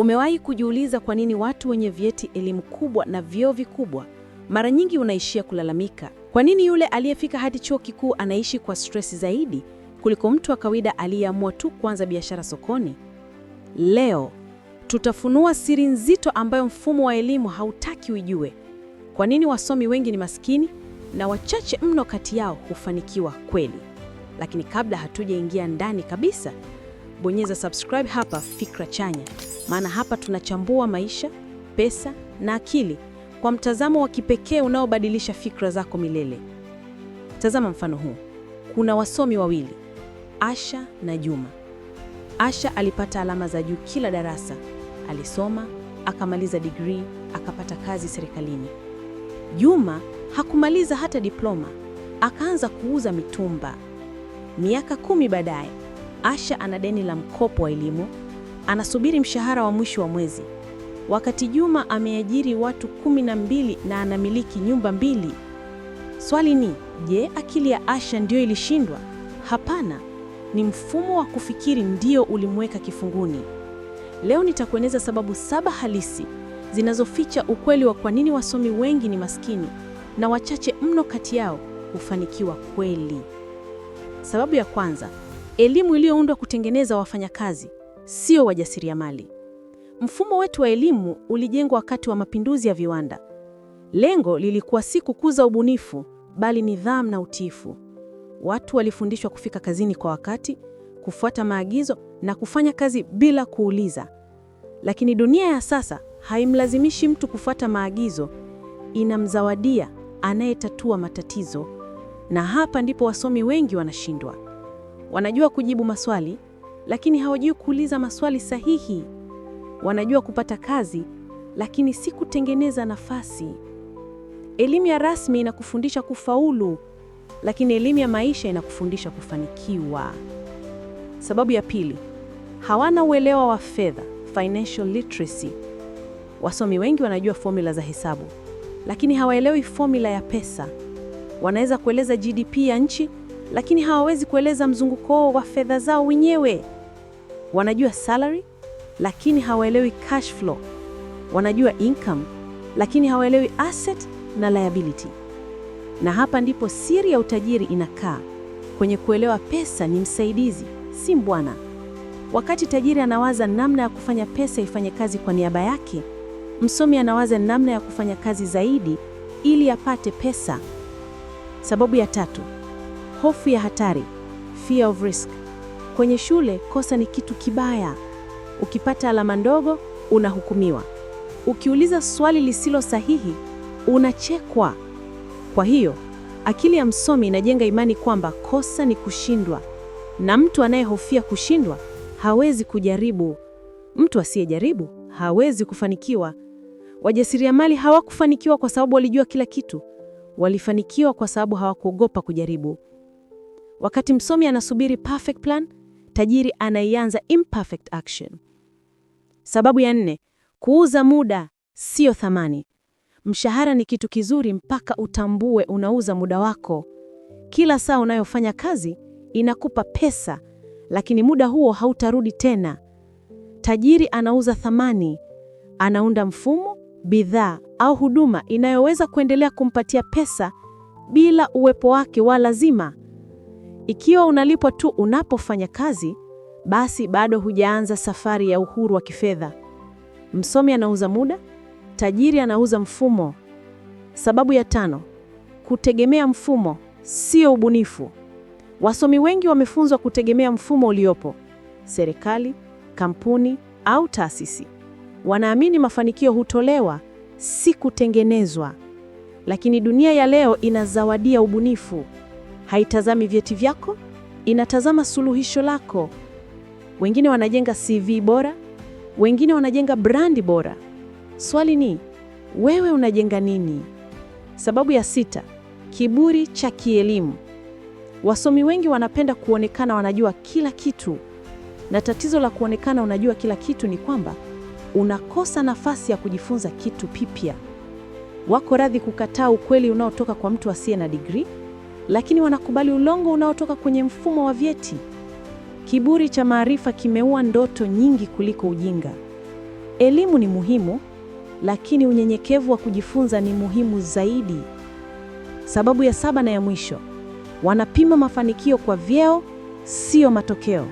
Umewahi kujiuliza kwa nini watu wenye vyeti, elimu kubwa na vyeo vikubwa mara nyingi unaishia kulalamika? Kwa nini yule aliyefika hadi chuo kikuu anaishi kwa stress zaidi kuliko mtu wa kawaida aliyeamua tu kuanza biashara sokoni? Leo tutafunua siri nzito ambayo mfumo wa elimu hautaki uijue. Kwa nini wasomi wengi ni maskini na wachache mno kati yao hufanikiwa kweli? Lakini kabla hatujaingia ndani kabisa, bonyeza subscribe hapa Fikra Chanya maana hapa tunachambua maisha, pesa na akili kwa mtazamo wa kipekee unaobadilisha fikra zako milele. Tazama mfano huu. Kuna wasomi wawili, Asha na Juma. Asha alipata alama za juu kila darasa, alisoma akamaliza digrii, akapata kazi serikalini. Juma hakumaliza hata diploma, akaanza kuuza mitumba. Miaka kumi baadaye, Asha ana deni la mkopo wa elimu anasubiri mshahara wa mwisho wa mwezi. Wakati Juma ameajiri watu kumi na mbili na anamiliki nyumba mbili. Swali ni je, akili ya Asha ndiyo ilishindwa? Hapana, ni mfumo wa kufikiri ndio ulimweka kifunguni. Leo nitakueleza sababu saba halisi zinazoficha ukweli wa kwa nini wasomi wengi ni maskini na wachache mno kati yao hufanikiwa kweli. Sababu ya kwanza, elimu iliyoundwa kutengeneza wafanyakazi sio wajasiriamali. Mfumo wetu wa elimu ulijengwa wakati wa mapinduzi ya viwanda. Lengo lilikuwa si kukuza ubunifu, bali nidhamu na utiifu. Watu walifundishwa kufika kazini kwa wakati, kufuata maagizo na kufanya kazi bila kuuliza. Lakini dunia ya sasa haimlazimishi mtu kufuata maagizo, inamzawadia anayetatua matatizo. Na hapa ndipo wasomi wengi wanashindwa. Wanajua kujibu maswali lakini hawajui kuuliza maswali sahihi. Wanajua kupata kazi, lakini si kutengeneza nafasi. Elimu ya rasmi inakufundisha kufaulu, lakini elimu ya maisha inakufundisha kufanikiwa. Sababu ya pili, hawana uelewa wa fedha, financial literacy. Wasomi wengi wanajua fomula za hesabu, lakini hawaelewi fomula ya pesa. Wanaweza kueleza GDP ya nchi, lakini hawawezi kueleza mzunguko wa fedha zao wenyewe wanajua salary lakini hawaelewi cash flow, wanajua income lakini hawaelewi asset na liability. Na hapa ndipo siri ya utajiri inakaa kwenye kuelewa. Pesa ni msaidizi, si bwana. Wakati tajiri anawaza namna ya kufanya pesa ifanye kazi kwa niaba yake, msomi anawaza namna ya kufanya kazi zaidi ili apate pesa. Sababu ya tatu, hofu ya hatari, fear of risk. Kwenye shule kosa ni kitu kibaya. Ukipata alama ndogo unahukumiwa, ukiuliza swali lisilo sahihi unachekwa. Kwa hiyo akili ya msomi inajenga imani kwamba kosa ni kushindwa, na mtu anayehofia kushindwa hawezi kujaribu. Mtu asiyejaribu hawezi kufanikiwa. Wajasiriamali hawakufanikiwa kwa sababu walijua kila kitu, walifanikiwa kwa sababu hawakuogopa kujaribu. Wakati msomi anasubiri perfect plan, tajiri anaianza imperfect action. Sababu ya nne, kuuza muda sio thamani. Mshahara ni kitu kizuri mpaka utambue unauza muda wako. Kila saa unayofanya kazi inakupa pesa, lakini muda huo hautarudi tena. Tajiri anauza thamani, anaunda mfumo, bidhaa au huduma inayoweza kuendelea kumpatia pesa bila uwepo wake wa lazima. Ikiwa unalipwa tu unapofanya kazi, basi bado hujaanza safari ya uhuru wa kifedha. Msomi anauza muda, tajiri anauza mfumo. Sababu ya tano, kutegemea mfumo sio ubunifu. Wasomi wengi wamefunzwa kutegemea mfumo uliopo, serikali, kampuni au taasisi. Wanaamini mafanikio hutolewa, si kutengenezwa. Lakini dunia ya leo inazawadia ubunifu haitazami vyeti vyako, inatazama suluhisho lako. Wengine wanajenga CV bora, wengine wanajenga brandi bora. Swali ni wewe unajenga nini? Sababu ya sita, kiburi cha kielimu. Wasomi wengi wanapenda kuonekana wanajua kila kitu, na tatizo la kuonekana unajua kila kitu ni kwamba unakosa nafasi ya kujifunza kitu pipya. Wako radhi kukataa ukweli unaotoka kwa mtu asiye na digrii lakini wanakubali ulongo unaotoka kwenye mfumo wa vyeti. Kiburi cha maarifa kimeua ndoto nyingi kuliko ujinga. Elimu ni muhimu, lakini unyenyekevu wa kujifunza ni muhimu zaidi. Sababu ya saba na ya mwisho, wanapima mafanikio kwa vyeo, sio matokeo.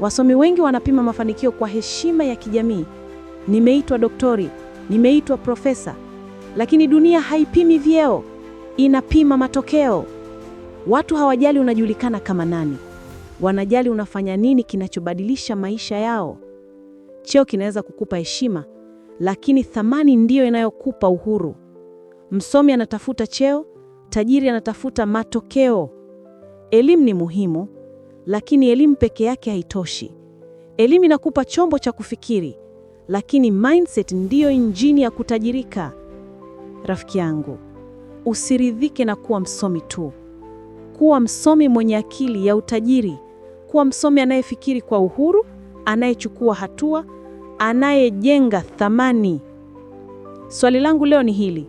Wasomi wengi wanapima mafanikio kwa heshima ya kijamii. Nimeitwa doktori, nimeitwa profesa, lakini dunia haipimi vyeo, inapima matokeo. Watu hawajali unajulikana kama nani, wanajali unafanya nini kinachobadilisha maisha yao. Cheo kinaweza kukupa heshima, lakini thamani ndiyo inayokupa uhuru. Msomi anatafuta cheo, tajiri anatafuta matokeo. Elimu ni muhimu, lakini elimu peke yake haitoshi. Elimu inakupa chombo cha kufikiri, lakini mindset ndiyo injini ya kutajirika. Rafiki yangu, usiridhike na kuwa msomi tu kuwa msomi mwenye akili ya utajiri, kuwa msomi anayefikiri kwa uhuru, anayechukua hatua, anayejenga thamani. Swali langu leo ni hili: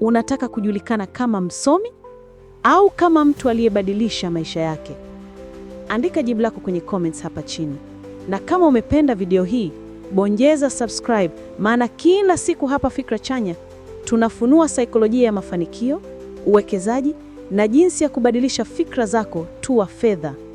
unataka kujulikana kama msomi au kama mtu aliyebadilisha maisha yake? Andika jibu lako kwenye comments hapa chini, na kama umependa video hii bonyeza subscribe, maana kila siku hapa Fikra Chanya tunafunua saikolojia ya mafanikio, uwekezaji na jinsi ya kubadilisha fikra zako tuwa fedha.